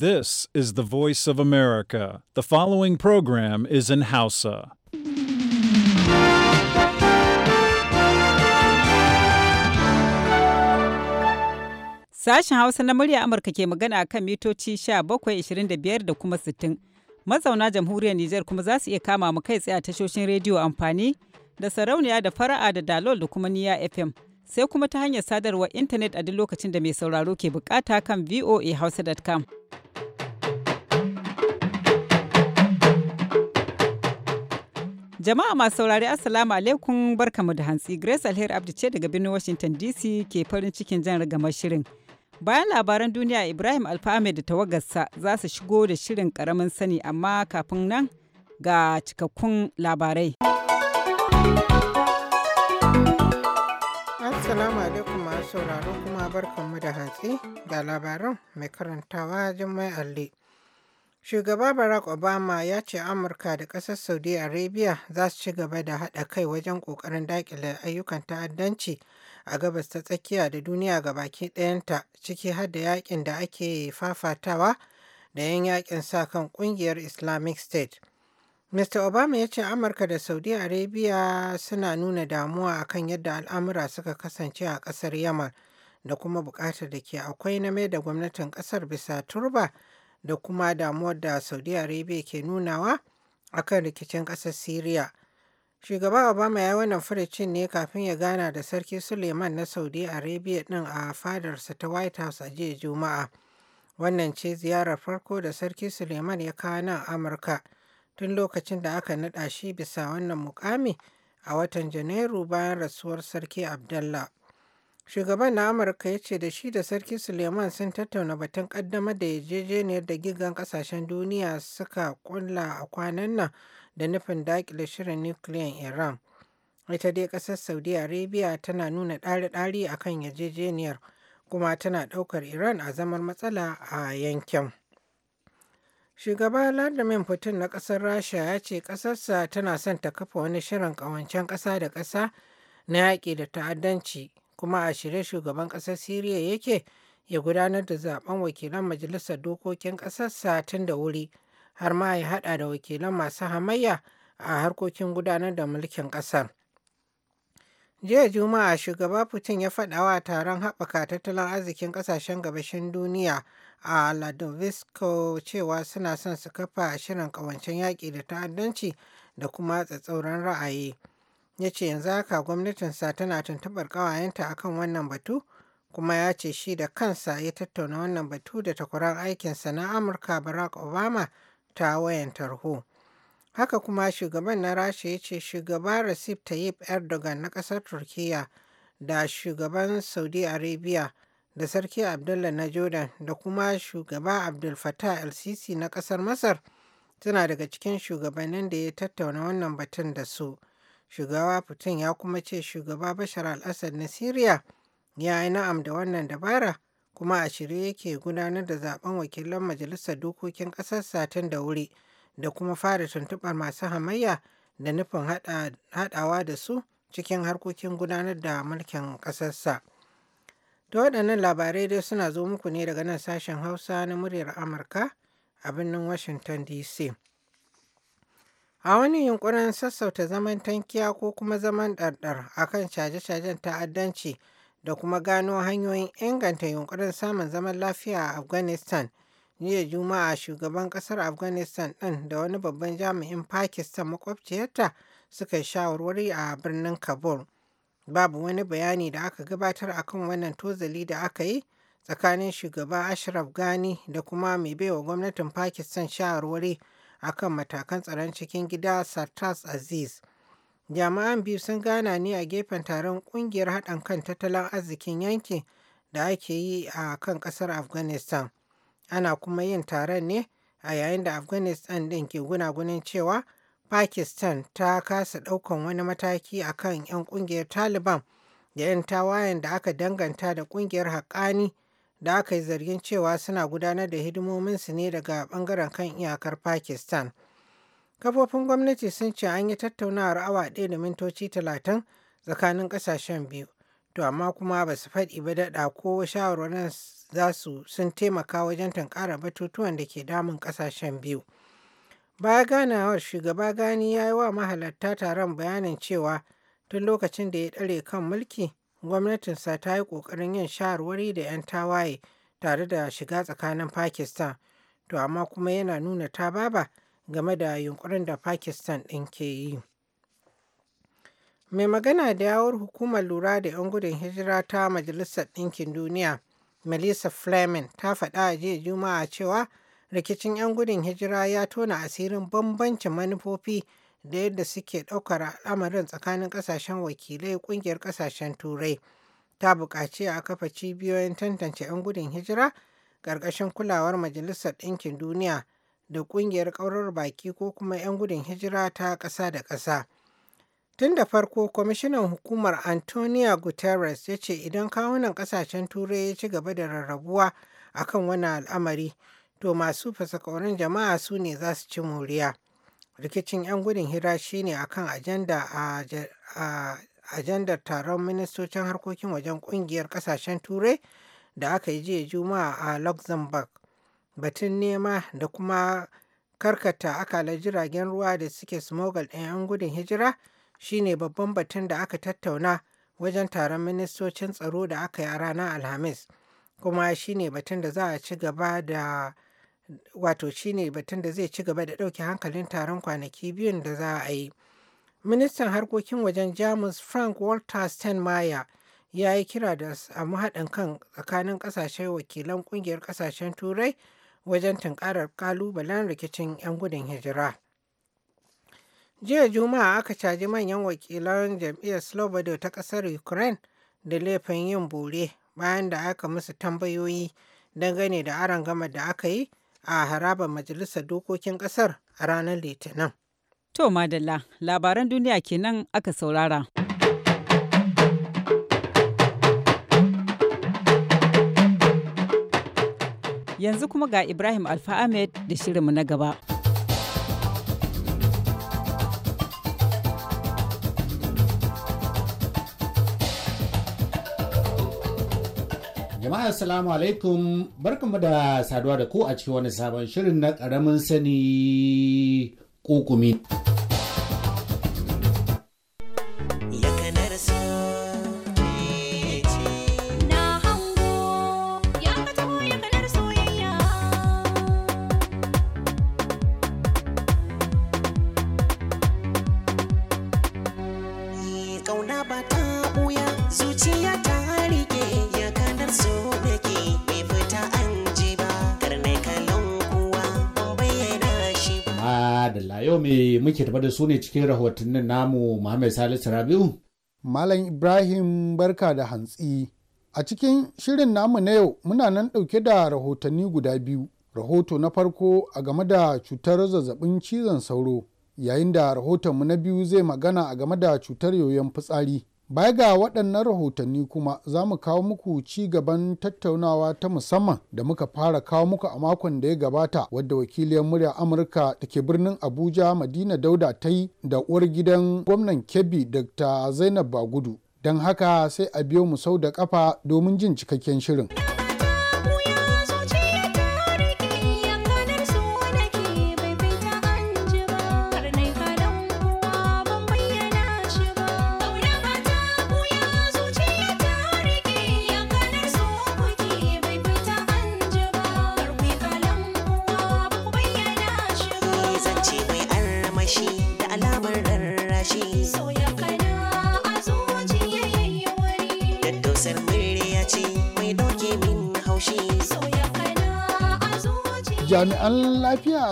This is the voice of America. The following program is in Hausa. Sashen Hausa na murya Amurka ke magana kan mitoci 1725 da kuma 60. Mazauna jamhuriyar Nijar kuma za su iya kama mu kai tsaye a tashoshin rediyo amfani da sarauniya da fara'a da dalol da kuma niya FM. Sai kuma ta hanyar sadarwa intanet a duk lokacin da mai sauraro ke bukata kan voahausa.com. Jama'a masu saurari Assalamu alaikum barkamu da hantsi Grace Alheri Abdi ce daga birnin Washington DC ke farin cikin jan ragamar shirin. Bayan labaran duniya Ibrahim Alfame da tawagarsa za su shigo da shirin karamin sani amma kafin nan ga cikakkun labarai. Assalamu alaikum masu sauraro kuma barkamu da hantsi ga labaran mai karantawa Jummai Alli. Shugaba Barack Obama ya ce Amurka da ƙasar Saudi Arabia za su ci gaba da haɗa kai wajen ƙoƙarin daƙile ayyukan ta'addanci a gabas ta tsakiya da duniya ga baki ɗayanta ciki har da yakin da ake fafatawa da yan yakin sa kan ƙungiyar Islamic State. Mr. Obama ya ce Amurka da Saudi Arabia suna nuna damuwa akan yadda al'amura suka kasance a ƙasar Yamal da kuma buƙatar da ke akwai na mai da gwamnatin ƙasar bisa turba da kuma damuwar da saudi arabia ke nunawa akan rikicin ƙasar syria shugaba obama ya yi wannan furicin ne kafin ya gana da sarki suleiman na saudi arabia din a fadarsa ta white house a jiya juma'a wannan ce ziyarar farko da sarki suleiman ya kawo nan amurka tun lokacin da aka naɗa shi bisa wannan mukami a watan janairu bayan rasuwar sarki abdullah Shugaban na Amurka ya ce da shi da Sarki Suleiman sun tattauna batun kaddamar da yarjejeniyar da gigan kasashen duniya suka ƙulla a kwanan nan da nufin dakile shirin nukiliyan Iran. Ita dai ƙasar Saudi Arabia tana nuna ɗari-ɗari a kan yarjejeniyar kuma tana ɗaukar Iran a zaman matsala a yankin. Shugaba Vladimir Putin na ƙasar Rasha ya ce ƙasarsa tana son ta kafa wani shirin ƙawancen ƙasa da ƙasa na yaƙi da ta'addanci kuma a shirye shugaban ƙasar Siriya yake ya gudanar da zaben wakilan majalisar dokokin ƙasarsa tun da wuri har ma ya haɗa da wakilan masu hamayya a harkokin gudanar da mulkin ƙasar. jiya juma'a shugaba putin ya faɗa wa taron haɓaka tattalin arzikin ƙasashen gabashin duniya a ladovisko cewa suna son su kafa shirin ƙawancen yaƙi da ta'addanci da kuma tsatsauran ra'ayi ya ce yanzu haka gwamnatinsa tana tuntuɓar ƙawayenta akan wannan batu kuma ya ce shi da kansa ya tattauna wannan batu da takwarar aikinsa na amurka barack obama ta wayan tarho haka kuma shugaban na rasha ya ce shugaba recep tayyip erdogan na ƙasar turkiya da shugaban saudi arabia da sarki abdullah na jordan da kuma shugaba abdul fatah el-sisi na ƙasar masar suna daga cikin shugabannin da ya tattauna wannan batun da su. Shugaba Putin ya kuma ce shugaba Bashar al-Assad na Siriya ya yi na'am da wannan dabara kuma a shirye yake gudanar da zaben wakilan majalisar dokokin ƙasarsa satin da wuri da kuma fara tuntuɓar masu hamayya da nufin haɗawa da su cikin harkokin gudanar da mulkin ƙasarsa. Da waɗannan labarai dai suna zo muku ne daga nan sashen Hausa na muryar Amurka a birnin Washington DC. A wani yunkurin sassauta zaman tankiya ko kuma zaman ɗarɗar a kan caje-cajen ta'addanci da kuma gano hanyoyin inganta yunkurin samun zaman lafiya a Afghanistan, jiya Juma'a shugaban ƙasar Afghanistan ɗin da wani babban jami'in Pakistan makwabciyarta suka yi shawarwari a birnin Kabul. Babu wani bayani da aka gabatar a kan wannan tozali da aka yi tsakanin shugaba Ashraf Gani da kuma mai baiwa gwamnatin Pakistan shawarwari akan matakan tsaron cikin gida Sartas Aziz. Jami'an biyu sun gana ne a gefen taron kungiyar haɗin kan tattalin arzikin yankin da ake yi a kan ƙasar Afghanistan. Ana kuma yin taron ne a yayin da Afghanistan ɗin ke gunagunin cewa Pakistan ta kasa ɗaukan wani mataki kan 'yan ƙungiyar Taliban da 'yan tawayen da aka danganta da ƙungiyar haƙani da aka yi zargin cewa suna gudanar da hidimominsu ne daga bangaren kan iyakar Pakistan. Kafofin gwamnati sun ce an yi tattaunawar awa ɗaya da mintoci talatin tsakanin ƙasashen biyu, to amma kuma ba su faɗi ba daɗa ko shawarwarin za su sun taimaka wajen tankara batutuwan da ke damun ƙasashen biyu. Baya ganawar shugaba gani ya yi wa mahalarta taron bayanin cewa tun lokacin da ya ɗare kan mulki gwamnatinsa ta yi ƙoƙarin yin shawarwari da 'yan tawaye tare da shiga tsakanin pakistan to amma kuma yana nuna ta baba game da yunkurin da pakistan ɗin ke yi mai magana da yawar hukumar lura da 'yan gudun hijira ta majalisar ɗinkin duniya melissa fleming ta faɗa a jiya juma'a cewa rikicin 'yan gudun hijira ya tona asirin bambancin manufofi da yadda suke ɗaukar al'amarin tsakanin ƙasashen wakilai ƙungiyar ƙasashen turai ta buƙaci a kafa cibiyoyin tantance 'yan gudun hijira ƙarƙashin kulawar majalisar ɗinkin duniya da ƙungiyar ƙaurar baki ko kuma 'yan gudun hijira ta ƙasa da ƙasa. Tun da farko, kwamishinan hukumar Antonio Guterres ya ce idan kawunan ƙasashen Turai ya ci gaba da rarrabuwa akan wani al'amari, to masu fasakaurin jama'a su ne za su ci moriya. rikicin 'yan gudun hira shine akan ajanda a ajandar taron ministocin harkokin wajen kungiyar kasashen turai da aka yi jiya juma'a a luxembourg batun nema da kuma karkata akalar jiragen ruwa da suke smogal ɗin 'yan gudun hijira shine babban batun da aka tattauna wajen taron ministocin tsaro da aka yi a ranar alhamis kuma shine batun da za a ci gaba da wato shine batun da zai ci gaba da ɗauke hankalin taron kwanaki biyun da za a yi. Ministan harkokin wajen Jamus Frank Walter Steinmeier ya yi kira da samu haɗin kan tsakanin ƙasashe wakilan ƙungiyar ƙasashen Turai wajen tunƙarar ƙalubalen rikicin 'yan gudun hijira. Jiya Juma'a aka caji manyan wakilan jam'iyyar Slobodo ta ƙasar Ukraine da laifin yin bore bayan da aka musu tambayoyi dangane da aron gama da aka yi a harabar Majalisar Dokokin Ƙasar a ranar Litinin. To Madalla, labaran duniya kenan aka saurara. Yanzu kuma ga Ibrahim Alfa Ahmed da shirinmu na gaba. jama'a assalamu alaikum barkanmu da saduwa da ku a cikin wani sabon shirin na karamin sani kumi. su ne cikin rahotannin namu Muhammad Salisu Rabiu. Malam Ibrahim barka da hantsi. A cikin shirin namu na yau muna nan ɗauke da rahotanni guda biyu. Rahoto na farko a game da cutar zazzabin cizon sauro, yayin da rahotonmu na biyu zai magana a game da cutar yoyon fitsari. Baya ga waɗannan rahotanni kuma za mu kawo muku ci gaban tattaunawa ta musamman da muka fara kawo muku a makon da ya gabata wadda wakiliyar murya Amurka da ke birnin Abuja Madina Dauda ta yi da uwar gidan gwamnan Kebbi Dr. Zainab Bagudu. Don haka sai a biyo mu sau da kafa domin jin cikakken shirin.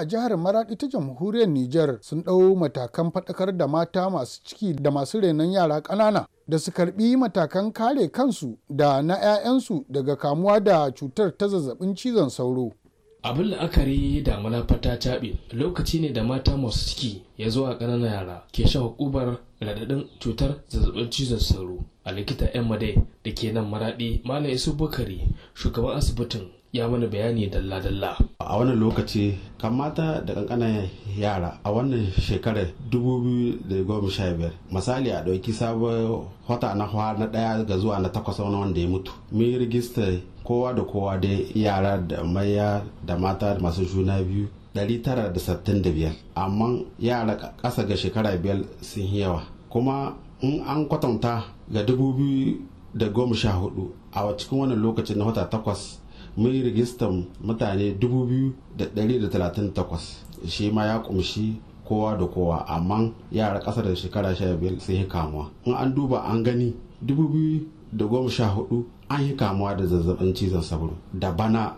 a jihar Maradi ta jamhuriyar niger sun ɗau matakan faɗakar da mata masu ciki da masu renon yara ƙanana da su karbi matakan kare kansu da na 'ya'yansu daga kamuwa da cutar ta zazzabin cizon sauro. abin la'akari da fata caɓe lokaci ne da mata masu ciki ya zo a ƙananan yara ke shan hukubar raɗaɗin cutar zazzabin cizon sauro a likita yan madai da ke nan maraɗi malam isu bukari shugaban asibitin ya mana bayani dalla-dalla. A wannan lokaci kamata da kankanan yara a wannan shekarar biyar misali a ɗauki sabon wata na hawa na ɗaya ga zuwa na takwas wani wanda ya mutu. Mun rigista kowa da kowa da yara da maya da mata masu juna biyu 965 amma yara ƙasa ga shekara biyar sun yawa kuma in an kwatanta ga da 2014 a cikin wannan lokacin na wata takwas mun yi rijistan mutane 2,138 shi ma ya kumshi kowa da kowa amma yara ƙasa da shekara 15 sai yi kamuwa in an duba an gani 2014 an yi kamuwa da zazzabin cizon sauro da bana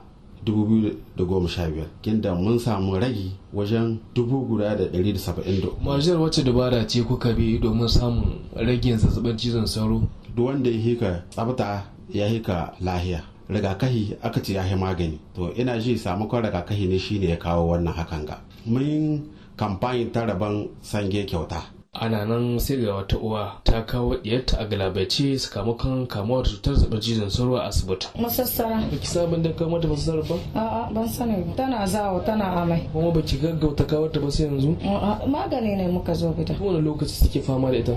2015 kinda mun samu ragi wajen 1,173 marjiyar wacce dabara ce kuka bi domin samun ragin zazzabin cizon sauro duk wanda ya hika tsabta ya hika lahiya rigakahi aka ce ya magani to ina ji samakon rigakahi ne shine ya kawo wannan hakan ga mun kamfanin ta rabon sange kyauta ana nan sai ga wata uwa ta kawo diyarta a galabaice sakamakon kamuwa da cutar zaɓar jizon sauro a asibiti. Masassara. Ba ki sabon da kawo da masassar ba? A'a ban sani ba. Tana zawo tana amai. Kuma ba ki gaggauta kawo ta ba sai yanzu? A'a magani ne muka zo gida. Kowane lokaci suke fama da ita?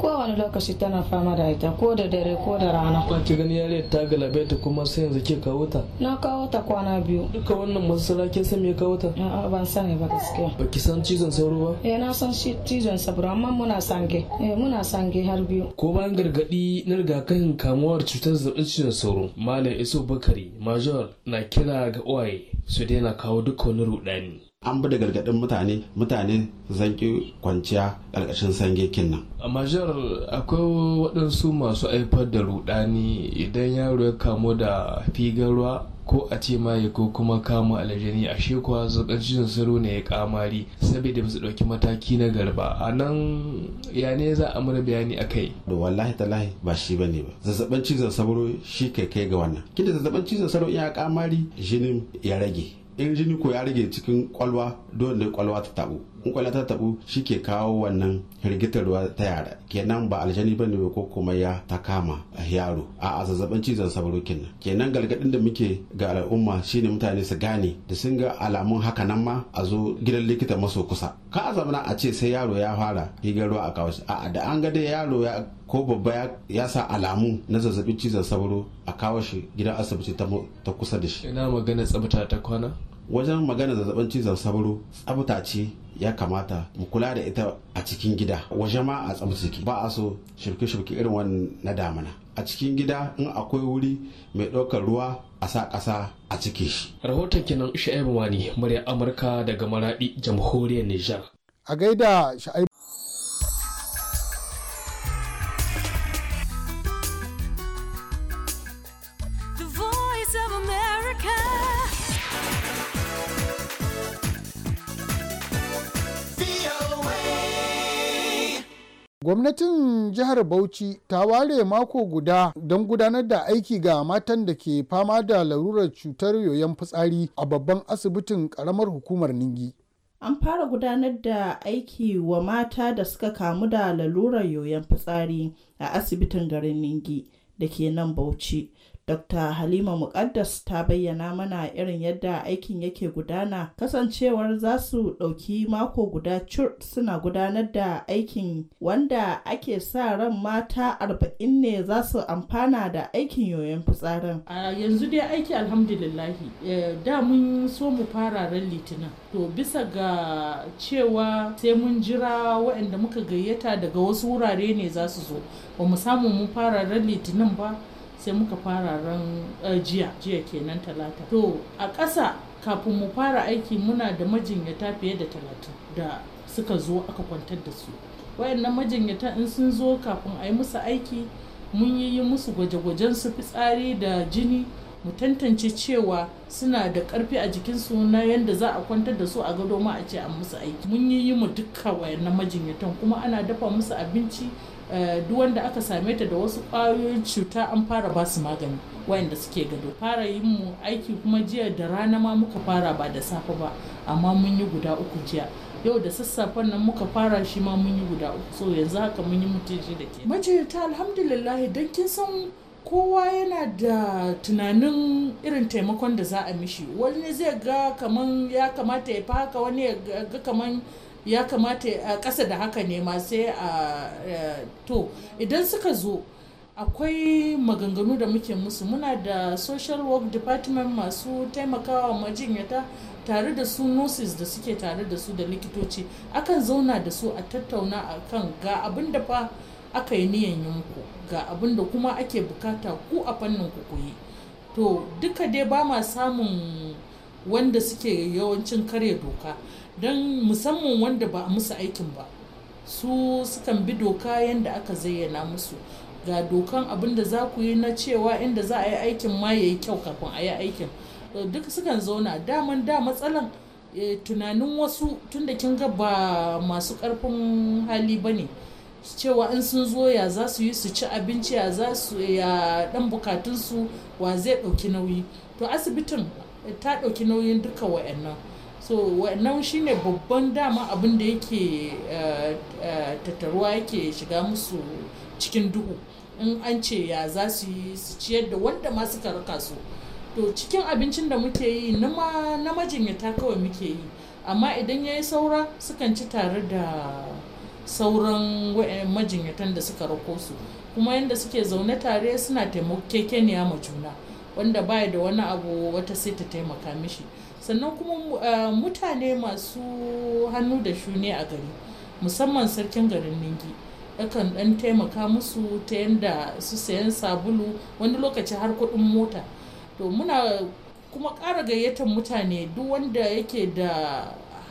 Kowane lokaci tana fama da ita ko da dare ko da rana. Ba ki gani yariyar ta galabaita kuma sai yanzu ke kawo ta? Na kawo ta kwana biyu. Duka wannan masassara kin san me ya kawo ta? A'a ban sani ba gaskiya. Ba ki san cizon sauro ba? Eh na san cizon sauro. amma muna sange eh muna sange har biyu ko bayan gargadi na rigakafin kamuwar cutar zazzabin cizon sauro malam iso bakari major na kira ga uwaye su daina kawo duk wani rudani an bi da gargadin mutane mutane zanki kwanciya ƙarƙashin sange nan. a major akwai waɗansu masu haifar da rudani idan yaro ya kamu da figar ruwa ko a ce maye ko kuma kama aljani a shekwa zurƙancin saro ne ya kamari saboda ba su ɗauki mataki na garba a nan ya ne za a mana bayani a kai. da wallahi talahi ba shi ba ne ba zazzaɓar cizon sauro shi kai kai ga wannan kida zazzaɓar cizon sauro ya kamari jinin ya rage in jini ko ya rage cikin kwalwa dole ne kwalwa ta taɓo kwallon ta tabu shi ke kawo wannan hirgitar ruwa ta yara kenan ba aljani ba ne ko kuma ya ta kama a yaro a zazzabin cizon sauro kenan kenan galgadin da muke ga al'umma shine mutane su gane da sun ga alamun haka nan ma a zo gidan likita maso kusa ka a zamana a ce sai yaro ya fara ruwa a kawo a'a da an ga dai yaro ya ko babba ya sa alamu na zazzabin cizon sauro a kawo shi gidan asibiti ta kusa da shi ina magana tsabta ta kwana wajen magana zazzabin cizon sauro tsabta ce ya kamata mu kula da ita a cikin gida waje ma a tsamsiki ba a so shirke-shirke irin wannan na damana a cikin gida in akwai wuri mai ɗaukar ruwa a sa ƙasa a ciki. shi rahoton kenan sha'ibu wani murya amurka daga maraɗi jamhuriyar nijar a gaida sha'ibu gwamnatin jihar bauchi ta ware mako guda don gudanar da aiki ga matan da ke fama da larurar cutar yoyon fitsari a babban asibitin karamar hukumar ningi an fara gudanar da aiki wa mata da suka kamu da lalurar yoyon fitsari a asibitin garin ningi da ke nan bauchi Dr. Halima Muqaddas ta bayyana mana irin yadda aikin yake gudana kasancewar za su ɗauki mako guda cur suna gudanar da aikin wanda ake sa ran mata arba'in ne za su amfana da aikin yoyon fitsarin. A yanzu dai aiki alhamdulillahi eh, da mun so mu fara ran litinin to bisa ga cewa sai mun jira waɗanda muka gayyata daga wasu wurare ne za su zo ba mu samu mun fara ran litinin ba sai muka fara ran eh, jiya jiya kenan talata to a ƙasa kafin mu fara aiki muna da majinyata fiye da talatin da suka zo aka kwantar da su wayannan majinyata in sun zo kafin a yi musu aiki mun yi musu gwaje-gwajen su fitsari da jini mu tantance cewa suna da karfi a jikinsu na yadda za a kwantar da su a gado ma a ce an musu aiki mun yi mu dukka wayannan majinyatan kuma ana dafa musu abinci Eh, duk wanda aka same ta da wasu ƙwayoyin cuta an fara ba su magani wayanda suke gado fara yin mu aiki kuma jiya da rana ma muka fara ba da safe ba amma mun yi guda uku jiya yau da sassafen nan muka fara shi ma mun yi guda uku so yanzu haka mun yi mutunci da ke ta alhamdulillah don kin san kowa yana da tunanin irin taimakon da za a mishi wani zai ga kaman ya kamata ya fi haka wani ya ga kaman ya kamata a ƙasa da haka ne ma sai a eh, to idan suka zo akwai maganganu da muke musu muna da social work department masu taimakawa majinyata tare da su nurses da suke tare da su da likitoci akan zauna da su a tattauna akan ga abin da fa aka yi niyan yanku ga abin da kuma ake bukata ku a fannin ku koyi to duka dai ba ma samun wanda suke yawancin karya doka don musamman wanda ba a musu aikin ba su sukan bi doka yadda aka zayyana musu ga dokan abin da za ku yi na cewa inda za a yi aikin ma ya yi kyau kafin a yi aikin duk sukan zauna daman da matsalan eh, tunanin wasu tunda kin ga ba masu karfin hali ba ne cewa in sun zo ya za su yi su ci abinci ya za su ya dan bukatunsu wa zai ɗauki nauyi to asibitin ta ɗauki nauyin duka wa'annan so wannan shine babban dama abin da yake eh, eh, tattaruwa yake shiga musu cikin duhu in an ce ya za su yi su ciyar da wanda ma suka raka su to cikin abincin da muke yi na majinyata kawai muke yi amma idan ya yi saura sukan ci tare da sauran majinyatan da suka rako su kuma yadda suke zaune tare suna taimakon taimakekeniya ma juna wanda baya da wani abu wata sai ta taimaka mishi sannan kuma eh, mutane masu hannu da shuni a gari musamman sarkin garin ningi yakan dan taimaka musu ta yadda su sayan sabulu wani lokaci har kuɗin mota to muna kuma ƙara gayyatar mutane duk wanda yake da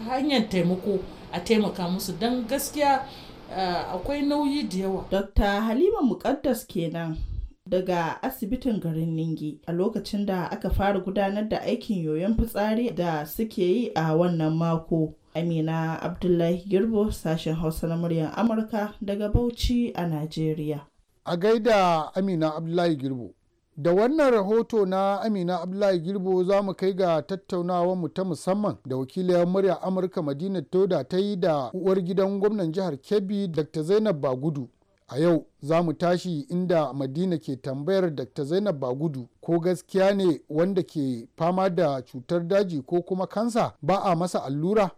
hanyar taimako a taimaka musu don gaskiya eh, akwai nauyi da yawa. Dr. Halima Muƙaddas kenan. daga asibitin garin Ningi a lokacin da aka fara gudanar da aikin yoyon fitsari da suke yi a wannan mako. Amina Abdullahi Girbo sashen Hausa na muryar Amurka daga Bauchi a nigeria. A gaida Amina Abdullahi Girbo. Da wannan rahoto na Amina Abdullahi Girbo za mu kai ga tattaunawar mu ta musamman da wakiliyar murya Amurka Madina Toda ta yi da uwar gidan gwamnan jihar Kebbi Dr. Zainab Bagudu A yau za mu tashi inda Madina ke tambayar Dr. Zainab Bagudu ko gaskiya ne wanda ke fama da cutar daji ko kuma kansa ba a masa allura?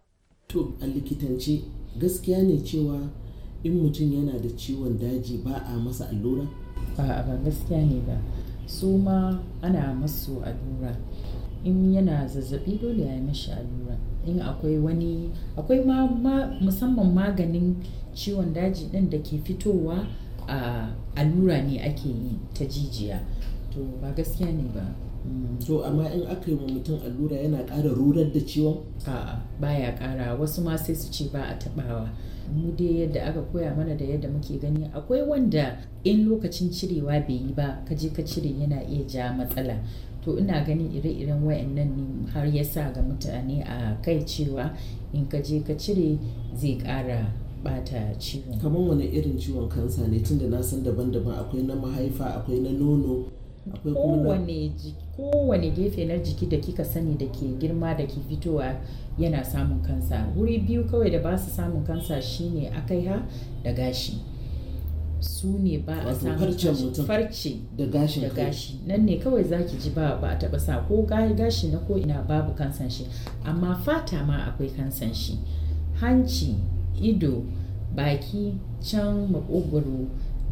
To, a likitance gaskiya ne cewa in mutum yana da ciwon daji ba a masa allura? Ba a ba gaskiya ne ba. Su ma ana masu allura. In yana zazzabi dole ya yi mashi allura. in akwai wani akwai ma, ma musamman maganin ciwon daji ɗin da ke fitowa a allura ne ake yi ta jijiya to ba gaskiya ne ba to amma in aka yi wa mutum allura yana kara rurar da ciwon a'a baya ƙara wasu ma sai su ce ba a taɓawa mu dai yadda aka koya mana da yadda muke gani akwai wanda in lokacin cirewa bai yi ba ka je ka cire yana iya ja matsala to ina ganin ire-iren wayannan ne har ya sa ga mutane a kai cewa in ka je ka cire zai ƙara bata ciwon kamar wani irin ciwon kansa ne tunda na san daban-daban akwai na mahaifa akwai na nono kowane gefe na jiki da kika sani da ke girma da ke fitowa yana samun kansa wuri biyu kawai da ba su samun kansa shine ha da gashi su ne ba a samun farce da gashi nan ne kawai zaki ji ba ba a taba sa ko gashi na ko ina babu kansan shi amma fata ma akwai kansan shi hanci ido baki can makogwaro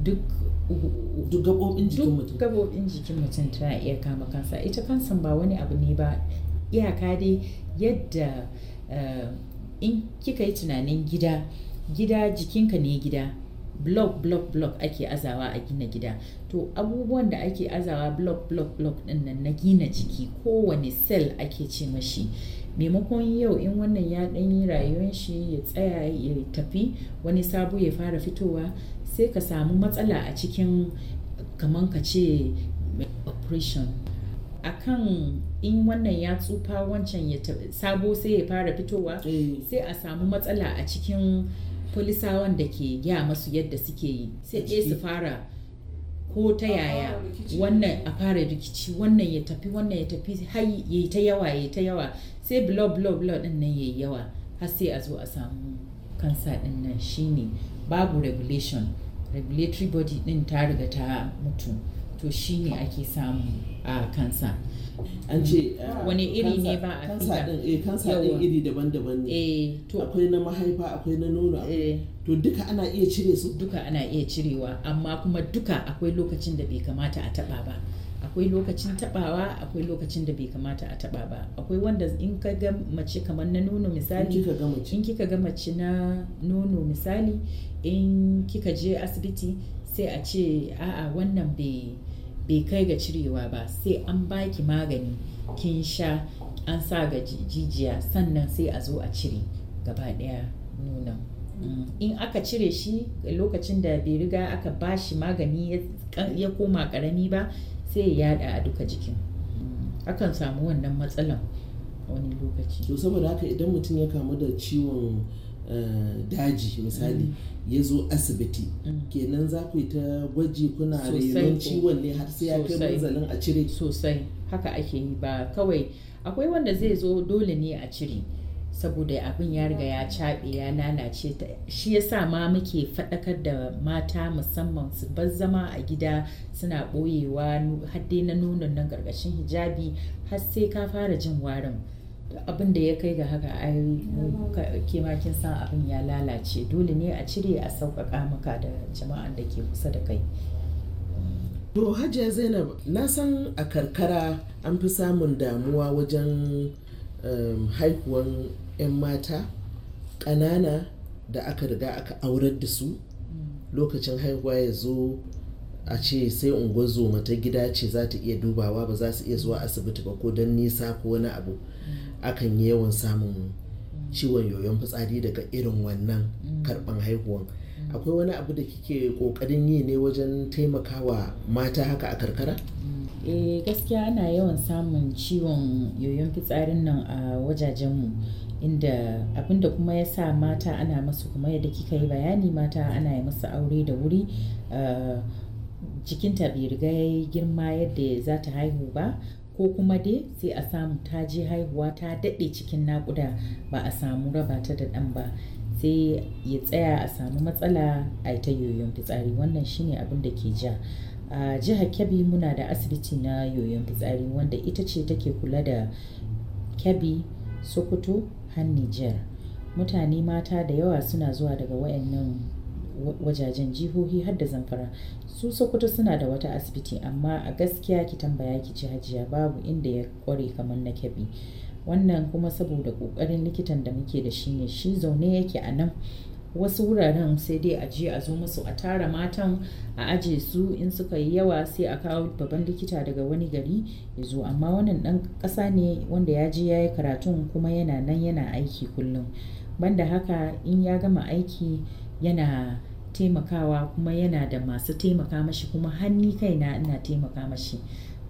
duk gabobin jikin mutum gabobin jikin mutum tana iya kama kansa ita kansan ba wani abu ne ba iyaka dai yadda eh, in kika yi tunanin gida gida jikinka ne gida block block block ake azawa a gina gida to abubuwan da ake azawa block block block dinnan na gina jiki kowane sel ake ce mashi maimakon yau in wannan ya ɗan yi rayuwar shi ya tsaya ya tafi wani sabo ya fara fitowa sai ka samu matsala a cikin kamar ka ce operation akan in wannan ya tsufa wancan ya sabo sai ya fara fitowa eh. sai a samu matsala a cikin polisawan da ke gya masu yadda suke yi sai ɗaya su fara ko ta yaya wannan a fara rikici wannan ya tafi wannan ya tafi ya yi ta yawa ya ta yawa sai blood blood blood din nan ya yi yawa har sai a zo a samu kansa din nan shine babu regulation regulatory body din ta riga ta mutu to shine ake samu a kansa an ce ah, wani iri ne ba a fita kansa din eh, iri daban-daban ne eh, akwai na mahaifa akwai na nono eh. to duka ana iya cire su duka ana iya cirewa amma kuma duka akwai lokacin da bai kamata a taba ba akwai lokacin tabawa akwai lokacin da bai kamata a taba ba akwai wanda in ka ga mace kamar na nono misali in kika ga mace na nono misali in kika je asibiti sai a ce a'a wannan bai kai ga cirewa ba sai an baki magani kin sha an sa ga jijiya sannan sai a zo a cire gaba daya nuna mm, in aka cire shi lokacin da bai riga aka bashi magani ya koma karami ba sai ya yada a duka jikin akan samu wannan matsalan wani lokaci to saboda haka idan mutum ya kamu da ciwon eh, daji misali mm. ya zo asibiti mm. kenan za ku yi ta gwaji kuna renon ciwon ne har sai ya kai manzalin a cire sosai haka ake yi ba kawai akwai wanda zai zo dole ne a cire saboda abin ya riga ya caɓe ya lalace ta shi yasa ma muke faɗakar da mata musamman su bar zama a gida suna ɓoyewa hadde na nonon nan gargashin hijabi har sai ka fara jin warin abin da ya kai ga haka ai ke makin san abin ya lalace dole ne a cire a sauƙaƙa maka da jama'an da ke kusa da kai to hajiya zainab na san a karkara an fi samun damuwa wajen um, haihuwan 'yan mata ƙanana da aka riga aka aurar da su lokacin haihuwa ya zo a ce sai unguwar ta gida ce za ta iya dubawa ba za su iya zuwa asibiti ba ko don nisa ko wani abu akan yi yawan samun ciwon yoyon fitsari daga irin wannan karban haihuwan akwai wani abu da kike kokarin yi ne wajen taimakawa mata haka a karkara eh gaskiya ana yawan samun ciwon yoyon fitsarin nan a wajajenmu inda abinda kuma ya sa mata ana masu kuma yadda kika yi bayani mata ana yi masu aure da wuri ah, jikinta bai riga ya yi girma yadda za ta haihu ba ko kuma dai sai a samu ta je haihuwa ta daɗe cikin naƙuda ba a samu raba ta da ɗan ba sai ya tsaya a samu matsala a ta yoyon fitsari wannan shine abin da ke ja a jihar kebbi muna da asibiti na yoyon fitsari wanda ita ce take kula da kebbi sokoto har Nijar. Mutane mata da yawa suna zuwa daga wayannan wajajen jihohi har da Zamfara. Su Sokoto suna da wata asibiti amma a gaskiya ki tambaya ki ci hajiya babu inda ya kware kamar na Kebbi. Wannan kuma saboda ƙoƙarin likitan da muke da shi ne shi zaune yake a nan wasu wuraren sai dai a je a zo musu a tara matan a aje su in suka yi yawa sai a kawo babban likita daga wani gari ya zo amma wannan dan ƙasa ne wanda ya je ya yi karatun kuma yana nan yana aiki kullum banda haka in ya gama aiki yana taimakawa kuma yana da masu taimaka mashi kuma hanni kaina ina taimaka mashi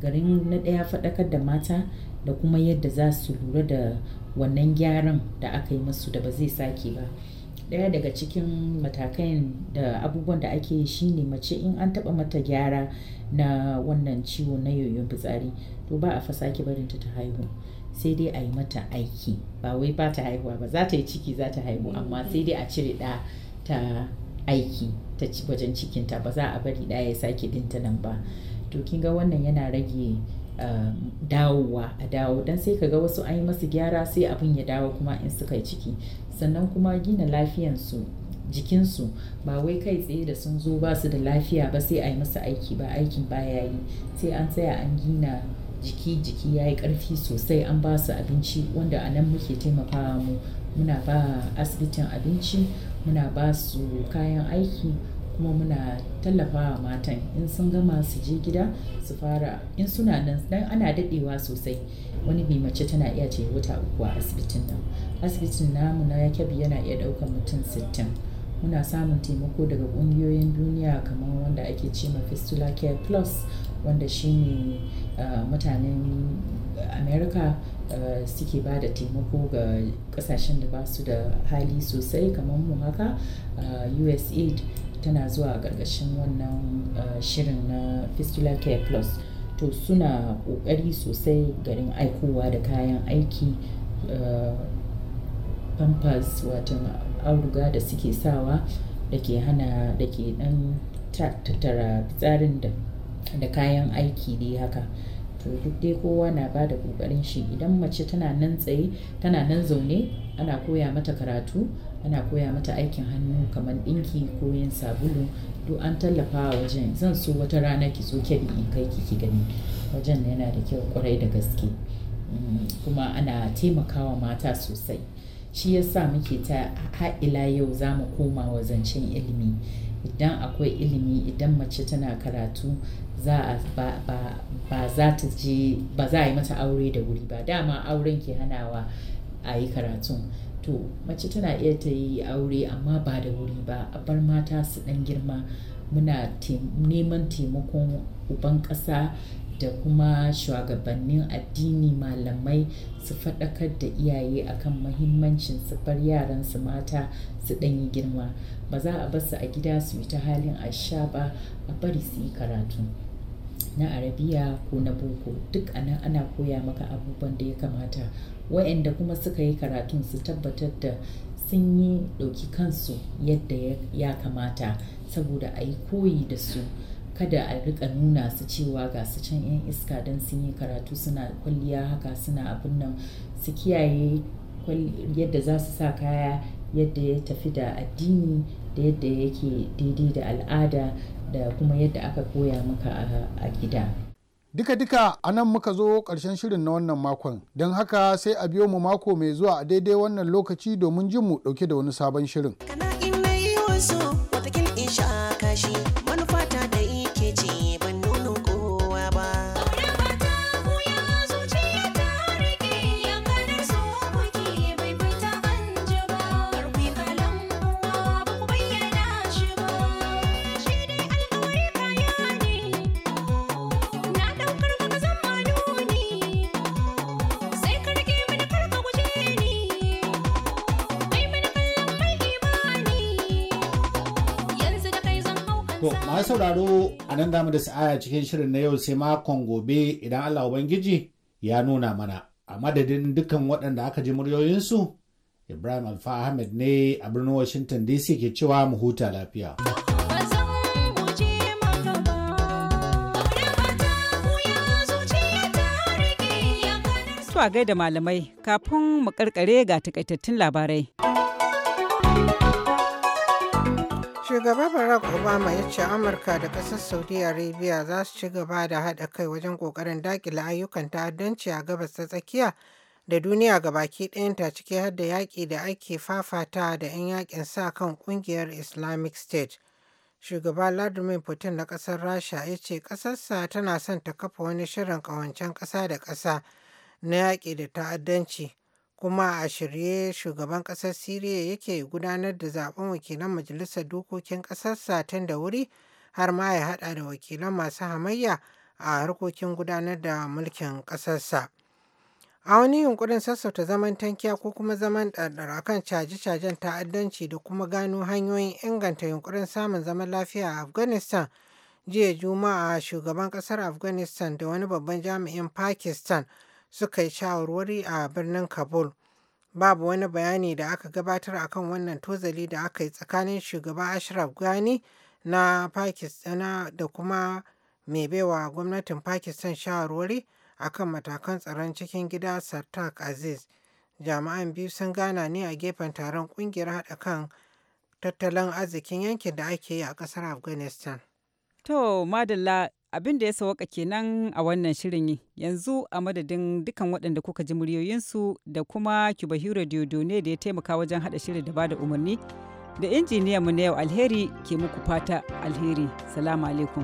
garin na ɗaya faɗakar da mata da kuma yadda za su lura da wannan gyaran da aka yi musu da ba zai sake ba daya daga cikin matakan da abubuwan da ake yi shine mace in an taba mata gyara na wannan ciwo na yoyon fitsari to ba a fasa sake barinta ta haihu sai dai a yi mata aiki ba wai ba ta haihuwa ba za ta yi ciki za ta haihu amma sai dai a cire da ta aiki ta wajen cikinta ba za a bari ɗaya ya sake dinta nan ba to kin ga wannan yana rage Eh, dawowa a dawo don sai ka ga wasu an yi masu gyara sai abin ya dawo kuma in suka yi ciki sannan kuma gina lafiyansu jikinsu ba wai kai tsaye da sun zo ba su da lafiya ba sai a yi masa aiki ba aikin baya ya yi sai an tsaya an gina jiki jiki ya yi ƙarfi sosai an ba su abinci wanda a nan muke taimakawa mu muna ba asibitin abinci muna ba su kayan aiki kuma muna tallafawa matan in sun gama su je gida su fara in suna nan dan ana dadewa sosai wani bi mace tana iya ce wata uku a asibitin nan asibitin namu na yakebi yana iya daukan mutum sittin muna samun taimako daga kungiyoyin duniya kamar wanda ake ce ma fistula care plus wanda shine uh, ah, mutanen america ah, suke ba da taimako ga kasashen da ba su da hali sosai kamar mu haka uh, ah, usaid tana zuwa a ƙarƙashin wannan eh, shirin na fistula care plus to suna ƙoƙari sosai garin aikowa da kayan aiki eh, pampers watan auduga da suke sawa da ke hana da ke ɗan tattara tsarin da kayan aiki dai haka to duk dai kowa na ba da ƙoƙarin shi idan mace tana nan tsaye tana nan zaune ana koya mata karatu ana koya mata aikin hannu kamar ɗinki ko yin sabulu duk an tallafa wajen zan so wata rana ki zo kebbi in kai ki ki gani wajen yana da kyau kwarai da gaske mm, kuma ana taimakawa mata sosai shi yasa muke ta ha'ila yau za mu koma wa zancen ilimi idan akwai ilimi idan mace tana karatu za ba za a yi mata aure da wuri ba dama auren ke hanawa a yi karatun to mace tana iya ta yi aure amma ba da wuri ba a bar mata su dan girma muna neman taimakon uban ƙasa da kuma shugabannin addini malamai su faɗakar da iyaye akan mahimmancin su bar yaran su mata su yi girma ba za a basu a gida su yi ta halin asha ba a bari su yi karatu na arabiya ko na boko duk anan ana koya maka abubuwan da ya kamata wa'anda kuma suka yi karatun su tabbatar da sun yi ɗauki kansu yadda ya kamata saboda a yi koyi da su kada a rika nuna su cewa ga su can 'yan iska don sun yi karatu suna kwalliya haka suna abin nan su kiyaye yadda za su sa kaya yadda ya tafi da addini da yadda yake daidai da al'ada da kuma yadda aka koya maka a gida. Duka-duka a nan muka zo karshen shirin na wannan makon, don haka sai a biyo mu mako mai zuwa a daidai wannan lokaci domin jin mu ɗauke da wani sabon shirin. sauraro a nan damu da sa'aya cikin shirin na yau sai makon gobe idan Allah Ubangiji ya nuna mana. A madadin dukkan waɗanda aka ji muryoyinsu, Ibrahim Alfa Ahmed ne a birnin Washington DC ke cewa mu huta lafiya. Tuwa da malamai kafin mu karkare ga takaitattun labarai. Shugaba Barack Obama ya ce Amurka da ƙasar Saudi Arabia za su ci gaba da haɗa kai wajen ƙoƙarin daƙile ayyukan ta'addanci a gabas ta tsakiya da duniya ga baki ɗayanta ciki har da yaƙi da ake fafata da 'yan yaƙin sa kan ƙungiyar Islamic State. Shugaba Vladimir Putin na ƙasar Rasha ya ce ƙasarsa tana son ta kafa wani shirin ƙawancen ƙasa da ƙasa na yaƙi da ta'addanci. kuma a shirye shugaban ƙasar siriya yake gudanar da zaben wakilan majalisar dokokin ƙasarsa satan da wuri har ma ya hada da wakilan masu hamayya a harkokin gudanar da mulkin ƙasarsa a wani yunkurin sassauta zaman tankiya ko kuma zaman ɗarɗar a kan caje-cajen ta'addanci da kuma gano hanyoyin inganta yunkurin samun zaman lafiya a afghanistan jiya juma'a shugaban ƙasar afghanistan da wani babban jami'in pakistan suka yi shawarwari a birnin Kabul. Babu wani bayani da aka gabatar akan wannan tozali da aka yi tsakanin shugaba Ashraf gani na Pakistan da kuma mai baiwa gwamnatin Pakistan shawarwari akan matakan tsaron cikin gida Sartak Aziz. Jami'an biyu sun gana ne a gefen taron kungiyar haɗa kan tattalin arzikin yankin da ake yi a ƙasar Afghanistan. To, Madalla abin da ya sawaka kenan a wannan shirin yanzu a madadin dukan waɗanda kuka ji muryoyinsu da kuma kibahiro diodo ne da ya taimaka wajen haɗa shirin da bada umarni da injiniyan mu na yau alheri ke muku fata alheri salamu alaikum